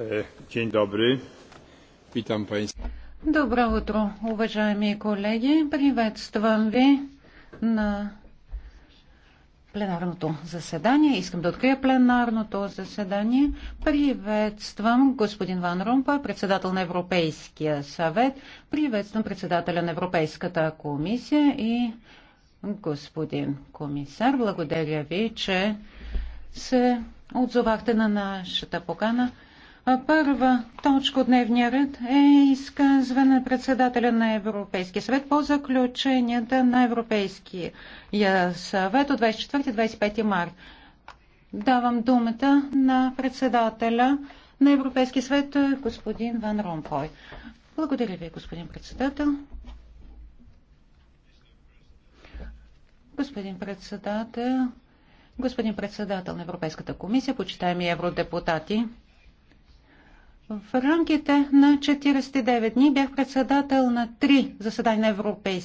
E, dzień dobry. Witam Państwa. Добро утро, уважаеми колеги. Приветствам ви на пленарното заседание. Искам да открия пленарното заседание. Приветствам господин Ван Румпа, председател на Европейския съвет. Приветствам председателя на Европейската комисия и господин комисар. Благодаря ви, че се отзовахте на нашата покана. Първа точка от дневния ред е изказване на председателя на Европейския съвет по заключенията на Европейския съвет от 24-25 март. Давам думата на председателя на Европейския съвет господин Ван Ромпой. Благодаря ви, господин председател. Господин председател, Господин председател на Европейската комисия, почитаеми евродепутати, в рамките на 49 дни бях председател на три заседания на Европейския